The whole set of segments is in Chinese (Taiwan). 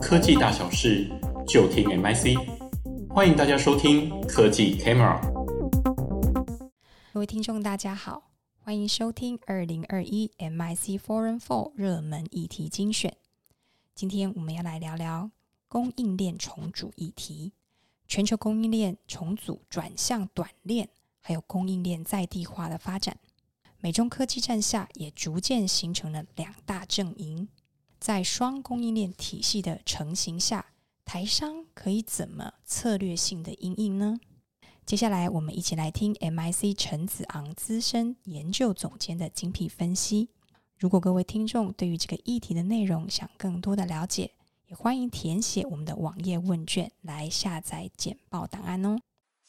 科技大小事就聽 MIC，歡迎大家收聽科技 Camera。各位聽眾大家好，歡迎收聽二零二一 MIC Forum 熱門議題精選。今天我們要來聊聊供應鏈重組議題，全球供應鏈重組轉向短鏈，還有供應鏈在地化的發展。美中科技戰下，也逐漸形成了兩大陣營。在雙供應鏈體系的成形下，台商可以怎麼策略性的因應呢？接下來我們一起來聽 MIC 陳子昂資深研究總監的精闢分析。如果各位聽眾對於這個議題的內容想更多的了解，也歡迎填寫我們的網頁問卷來下載簡報檔案哦。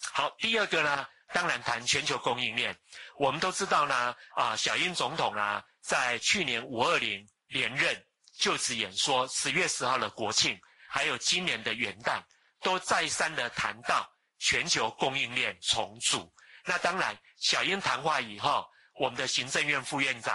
好，第二個呢，當然談全球供應鏈。我們都知道呢，啊，小英總統啊，在去年五二零連任。就職演說，十月十號的國慶，還有今年的元旦，都再三的談到全球供應鏈重組。那當然，小英談話以後，我們的行政院副院長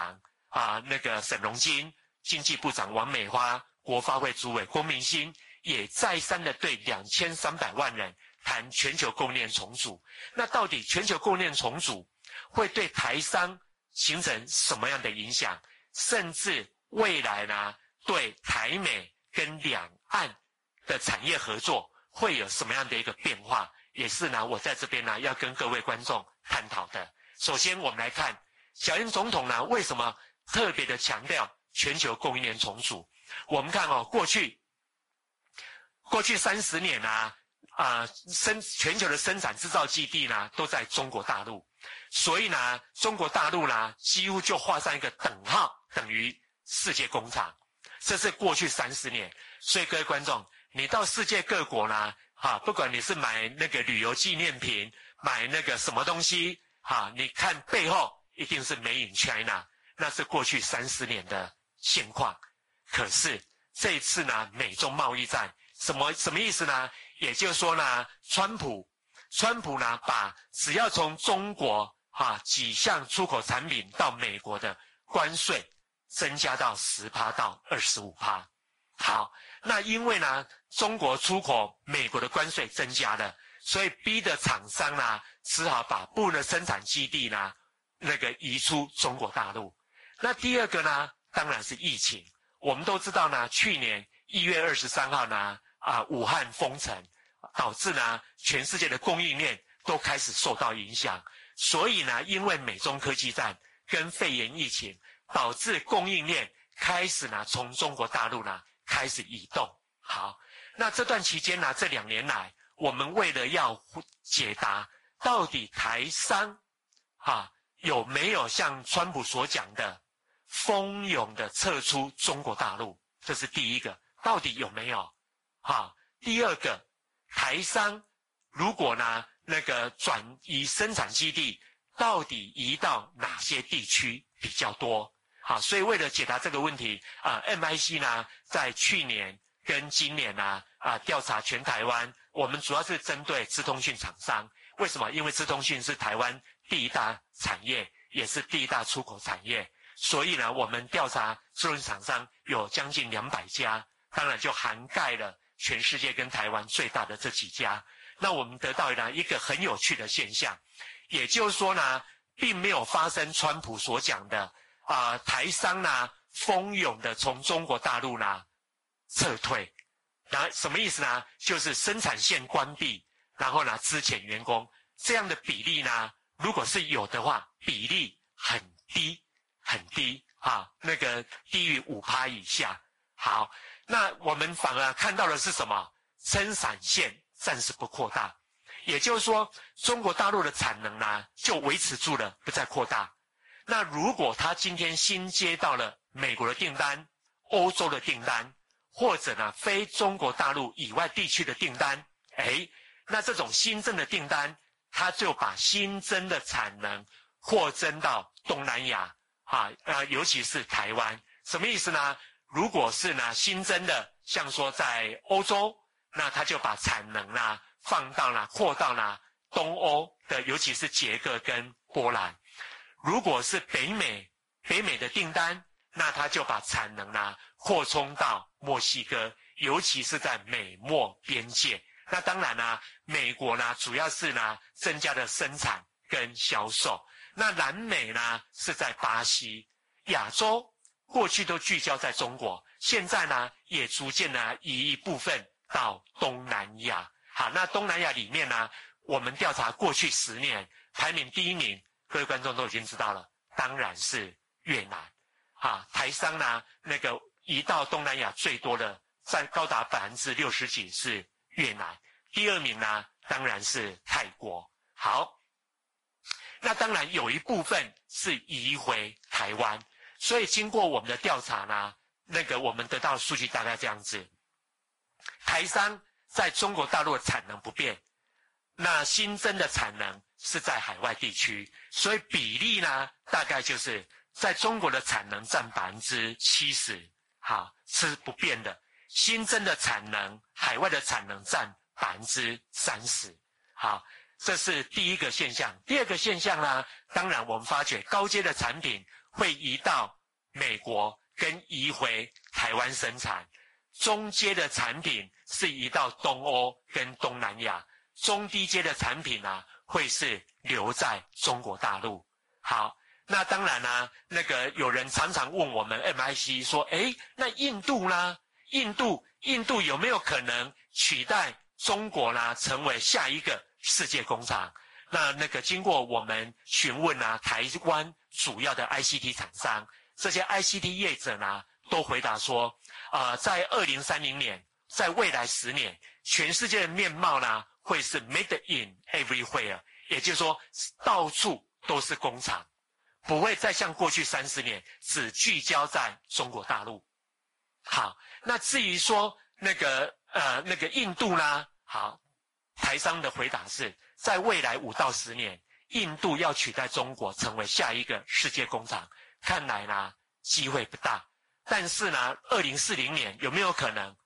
啊、呃，那個沈榮津，經濟部長王美花，國發會主委郭明欣，也再三的對兩千三百萬人談全球供應鏈重組。那到底全球供應鏈重組會對台商形成什麼樣的影響？甚至未來呢？對台美跟兩岸的產業合作會有什麼樣的一個變化？也是呢，我在這邊呢要跟各位觀眾探討的。首先，我們來看小英總統呢為什麼特別的強調全球供應鏈重組？我們看哦，過去過去三十年呢，啊、呃，生全球的生產製造基地呢都在中國大陸，所以呢，中國大陸呢幾乎就畫上一個等號，等於世界工廠。這是過去三十年，所以各位觀眾，你到世界各國呢，哈，不管你是買那個旅遊紀念品，買那個什麼東西，哈，你看背後一定是 Made in China，那是過去三十年的現況。可是這一次呢，美中貿易戰什麼什麼意思呢？也就是說呢，川普，川普呢，把只要從中國哈幾項出口產品到美國的關稅。增加到十趴到二十五趴，好，那因為呢，中國出口美國的關稅增加了，所以逼得廠商呢，只好把部分的生產基地呢，那個移出中國大陸。那第二個呢，當然是疫情。我們都知道呢，去年一月二十三號呢，啊、呃，武漢封城，導致呢，全世界的供應鏈都開始受到影響。所以呢，因為美中科技戰跟肺炎疫情。導致供應鏈開始呢，從中國大陸呢開始移動。好，那這段期間呢、啊，這兩年來，我們為了要解答到底台商，哈、啊、有沒有像川普所講的，蜂擁的撤出中國大陸，這是第一個，到底有沒有？哈、啊，第二個，台商如果呢那個轉移生產基地，到底移到哪些地區比較多？好，所以為了解答這個問題，啊、呃、，MIC 呢，在去年跟今年呢、啊，啊、呃，調查全台灣，我們主要是針對資通訊廠商。為什麼？因為資通訊是台灣第一大產業，也是第一大出口產業。所以呢，我們調查資通訊廠商有將近兩百家，當然就涵蓋了全世界跟台灣最大的這幾家。那我們得到了一個很有趣的現象，也就是說呢，並沒有發生川普所講的。啊、呃，台商呢，蜂擁的從中國大陸呢撤退，然、啊、後什麼意思呢？就是生產線關閉，然後呢，資遣員工。這樣的比例呢，如果是有的話，比例很低很低啊，那個低於五趴以下。好，那我們反而看到的是什麼？生產線暫時不擴大，也就是說，中國大陸的產能呢，就維持住了，不再擴大。那如果他今天新接到了美國的訂單、歐洲的訂單，或者呢非中國大陸以外地區的訂單，誒，那這種新增的訂單，他就把新增的產能擴增到東南亞，哈、啊，呃，尤其是台灣。什麼意思呢？如果是呢新增的，像說在歐洲，那他就把產能呢放到了、擴到了東歐的，尤其是捷克跟波蘭。如果是北美，北美的訂單，那他就把產能呢擴充到墨西哥，尤其是在美墨邊界。那當然呢，美國呢主要是呢增加了生產跟銷售。那南美呢是在巴西。亞洲過去都聚焦在中國，現在呢也逐漸呢移一部分到東南亞。好，那東南亞裡面呢，我們調查過去十年排名第一名。各位觀眾都已經知道了，當然是越南，啊，台商呢，那個移到東南亞最多的，在高達百分之六十幾是越南，第二名呢，當然是泰國。好，那當然有一部分是移回台灣，所以經過我們的調查呢，那個我們得到的數據大概這樣子，台商在中國大陸的產能不變，那新增的產能。是在海外地區，所以比例呢，大概就是在中國的產能佔百分之七十，好，是不變的。新增的產能，海外的產能佔百分之三十，好，這是第一個現象。第二個現象呢，當然我們發覺高階的產品會移到美國跟移回台灣生產，中階的產品是移到東歐跟東南亞，中低階的產品啊。會是留在中國大陸。好，那當然啦、啊。那個有人常常問我們 MIC 說：“誒，那印度啦，印度，印度有沒有可能取代中國啦，成為下一個世界工廠？”那那個經過我們詢問啊，台灣主要的 ICT 廠商，這些 ICT 業者呢，都回答說：“啊、呃，在二零三零年，在未來十年，全世界的面貌呢？”會是 made in everywhere，也就是說到處都是工廠，不會再像過去三十年只聚焦在中國大陸。好，那至於說那個呃那個印度呢？好，台商的回答是在未來五到十年，印度要取代中國成為下一個世界工廠，看來呢，機會不大。但是呢，二零四零年有沒有可能？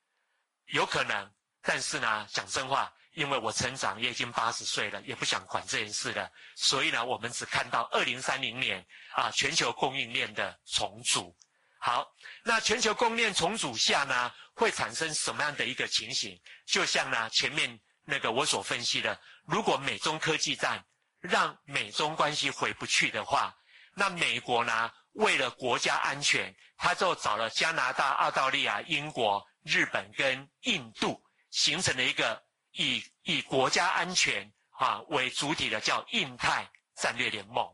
有可能，但是呢，講真話。因為我成長也已經八十歲了，也不想管這件事了。所以呢，我們只看到二零三零年啊，全球供應鏈的重組。好，那全球供應鏈重組下呢，會產生什麼樣的一個情形？就像呢，前面那個我所分析的，如果美中科技戰讓美中關係回不去的話，那美國呢，為了國家安全，他就找了加拿大、澳大利亞、英國、日本跟印度，形成了一個。以以國家安全啊為主體的叫印太戰略聯盟。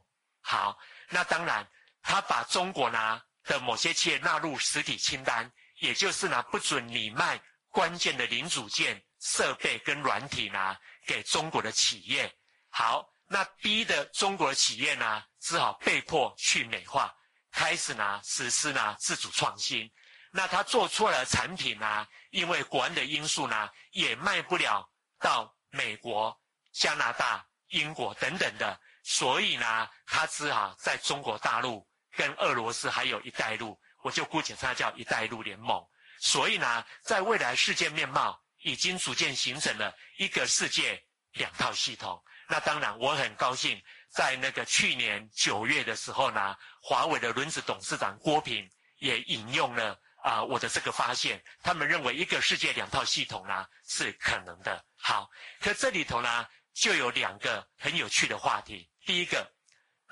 好，那當然，他把中國呢的某些企業納入實體清單，也就是呢不准你賣關鍵的零組件、設備跟軟體呢給中國的企業。好，那逼得中國的企業呢只好被迫去美化，開始呢實施呢自主創新。那他做錯了產品呢、啊？因為國安的因素呢，也賣不了到美國、加拿大、英國等等的。所以呢，他只好在中國大陸跟俄羅斯還有一帶路，我就姑且他它叫“一帶路聯盟”。所以呢，在未來世界面貌已經逐漸形成了一個世界兩套系統。那當然，我很高興，在那個去年九月的時候呢，華為的輪值董事長郭平也引用了。啊、呃，我的這個發現，他們認為一個世界兩套系統呢，是可能的。好，可這裡頭呢就有兩個很有趣的話題。第一個，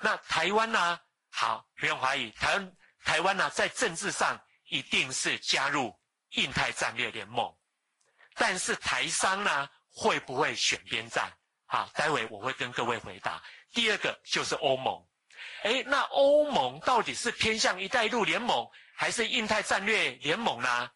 那台灣呢，好，不用懷疑，台灣台灣呢在政治上一定是加入印太戰略聯盟，但是台商呢會不會選邊站？好，待會我會跟各位回答。第二個就是歐盟。哎，那歐盟到底是偏向“一帶一路”聯盟，還是印太戰略聯盟呢？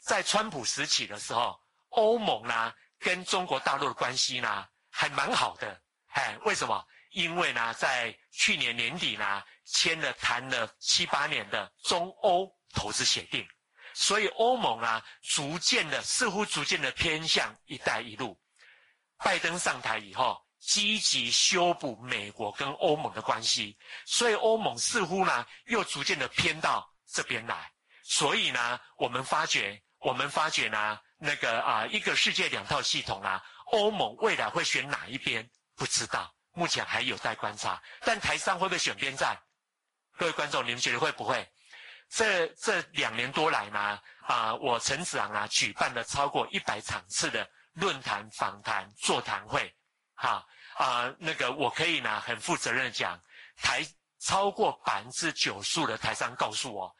在川普時期的時候，歐盟呢跟中國大陸的關係呢還蠻好的。哎，為什麼？因為呢在去年年底呢簽了談了七八年的中歐投資協定，所以歐盟啊逐漸的似乎逐漸的偏向“一帶一路”。拜登上台以後，積極修補美國跟歐盟的關係，所以歐盟似乎呢又逐漸的偏到這邊來。所以呢，我們發覺，我們發覺呢，那個啊，一個世界兩套系統啦，啊，歐盟未來會選哪一邊，不知道，目前還有待觀察。但台上會不會選邊站？各位觀眾，你們覺得會不會？這這兩年多來呢，啊，我陳子昂啊舉辦了超過一百場次的論壇、訪談、座談會，哈。啊、呃，那個我可以呢，很負責任的講，台超過百分之九十五的台商告訴我，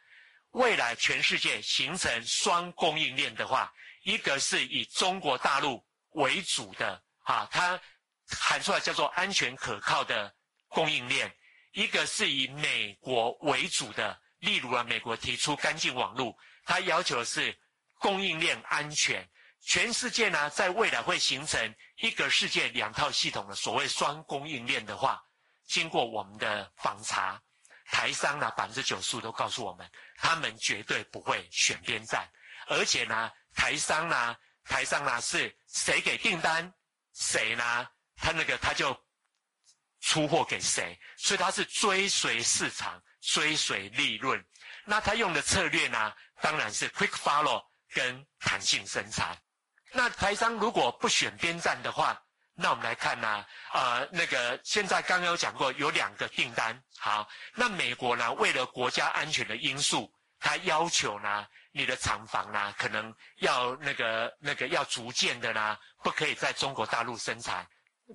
未來全世界形成雙供應鏈的話，一個是以中國大陸為主的，啊，它喊出來叫做安全可靠的供應鏈；一個是以美國為主的，例如啊，美國提出乾淨網絡，它要求的是供應鏈安全。全世界呢，在未來會形成一個世界兩套系統的所謂雙供應鏈的話，經過我們的訪查，台商呢，百分之九十五都告訴我們，他們絕對不會選邊站，而且呢，台商呢，台商呢是誰給訂單誰呢，他那個他就出貨給誰，所以他是追隨市場，追隨利潤，那他用的策略呢，當然是 quick follow 跟彈性生產。那台商如果不選邊站的話，那我們來看啦，啊，呃，那個現在剛剛有講過有兩個訂單，好，那美國呢為了國家安全的因素，他要求呢你的廠房呢可能要那個那個要逐漸的呢不可以在中國大陸生產，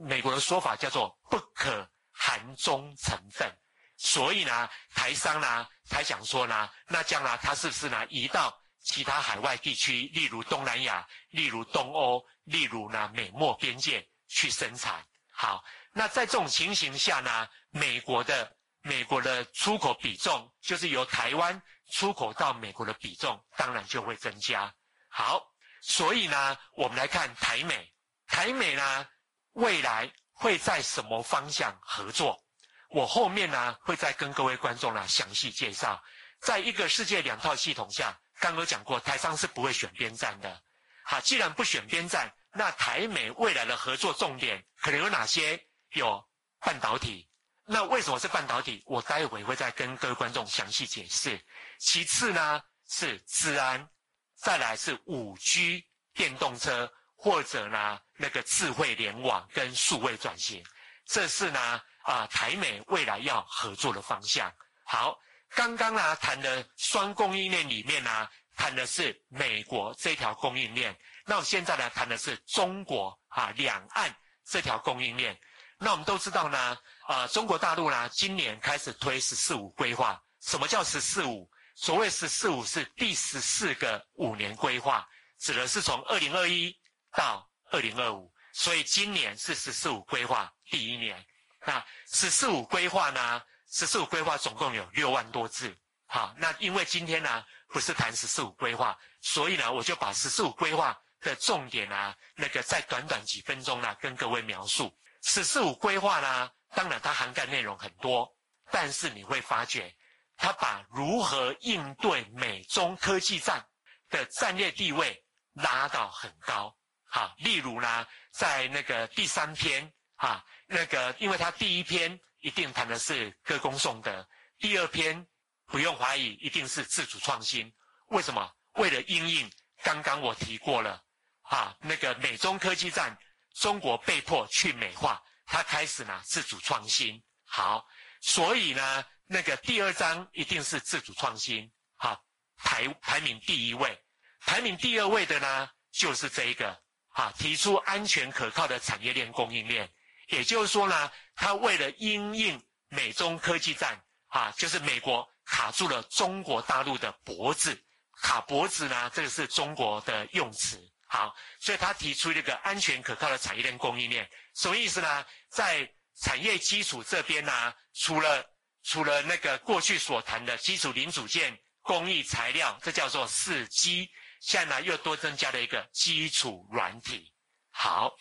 美國的說法叫做不可含中成分，所以呢台商呢才想說呢，那將來他是不是呢移到其他海外地區，例如東南亞，例如東歐，例如呢美墨邊界去生產。好，那在這種情形下呢，美國的美國的出口比重，就是由台灣出口到美國的比重，當然就會增加。好，所以呢，我們來看台美，台美呢未來會在什麼方向合作？我後面呢會再跟各位觀眾呢詳細介紹。在一個世界兩套系統下。剛剛講過，台商是不會選邊站的。好，既然不選邊站，那台美未來的合作重點可能有哪些？有半導體。那為什麼是半導體？我待會會再跟各位觀眾詳細解釋。其次呢是資安，再來是 5G、電動車或者呢那個智慧聯網跟數位轉型，這是呢啊、呃、台美未來要合作的方向。好。剛剛啊談的雙供應鏈裡面啊，談的是美國這條供應鏈。那我現在呢談的是中國啊兩岸這條供應鏈。那我們都知道呢，呃中國大陸呢今年開始推“十四五”規劃。什麼叫“十四五”？所謂“十四五”是第十四個五年規劃，指的是從二零二一到二零二五。所以今年是“十四五”規劃第一年。那“十四五”規劃呢？十四五規劃總共有六萬多字，好，那因為今天呢，啊，不是談十四五規劃，所以呢我就把十四五規劃的重點啊，那個在短短幾分鐘呢，啊，跟各位描述。十四五規劃呢，當然它涵蓋內容很多，但是你會發覺它把如何應對美中科技戰的戰略地位拉到很高。好，例如呢，在那個第三篇啊，那個因為它第一篇。一定談的是歌功頌德。第二篇不用懷疑，一定是自主創新。為什麼？為了因應剛剛我提過了啊，那個美中科技戰，中國被迫去美化，他開始呢自主創新。好，所以呢那個第二章一定是自主創新，哈，排排名第一位，排名第二位的呢就是這一個啊，提出安全可靠的產業鏈供應鏈。也就是說呢，他為了因應美中科技戰，啊，就是美國卡住了中國大陸的脖子，卡脖子呢，這個是中國的用詞。好，所以他提出一個安全可靠的產業鏈供應鏈，什麼意思呢？在產業基礎這邊呢，啊，除了除了那個過去所談的基礎零組件、工藝材料，這叫做四基，現在呢又多增加了一個基礎軟體。好，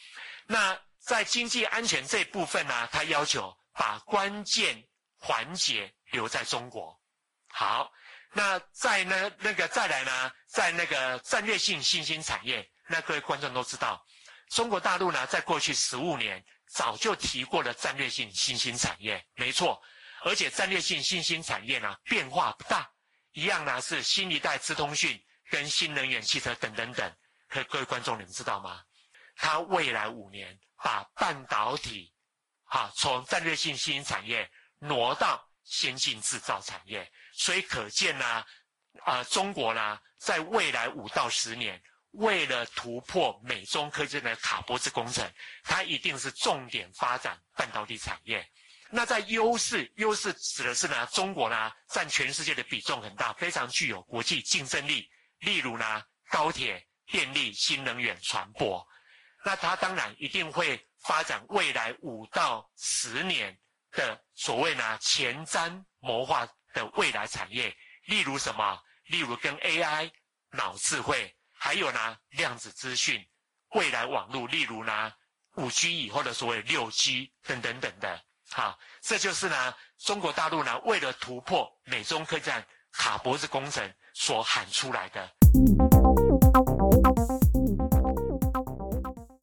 那。在經濟安全這部分呢、啊，他要求把關鍵環節留在中國。好，那再呢，那個再來呢，在那個戰略性新興產業，那各位觀眾都知道，中國大陸呢，在過去十五年早就提過了戰略性新興產業，沒錯。而且戰略性新興產業呢、啊，變化不大，一樣呢是新一代資通訊跟新能源汽車等等等。可各位觀眾，你們知道嗎？它未來五年把半導體，哈，從戰略性新興產業挪到先進製造產業，所以可見呢，啊、呃，中國呢，在未來五到十年，為了突破美中科技的卡脖子工程，它一定是重點發展半導體產業。那在優勢，優勢指的是呢，中國呢佔全世界的比重很大，非常具有國際競爭力。例如呢，高鐵、電力、新能源、船舶。那他當然一定會發展未來五到十年的所謂呢前瞻謀劃的未來產業，例如什麼？例如跟 AI 腦智慧，還有呢量子資訊、未來網絡，例如呢五 G 以後的所謂六 G 等等等等的。哈，這就是呢中國大陸呢為了突破美中科技戰卡脖子工程所喊出來的。嗯嗯嗯嗯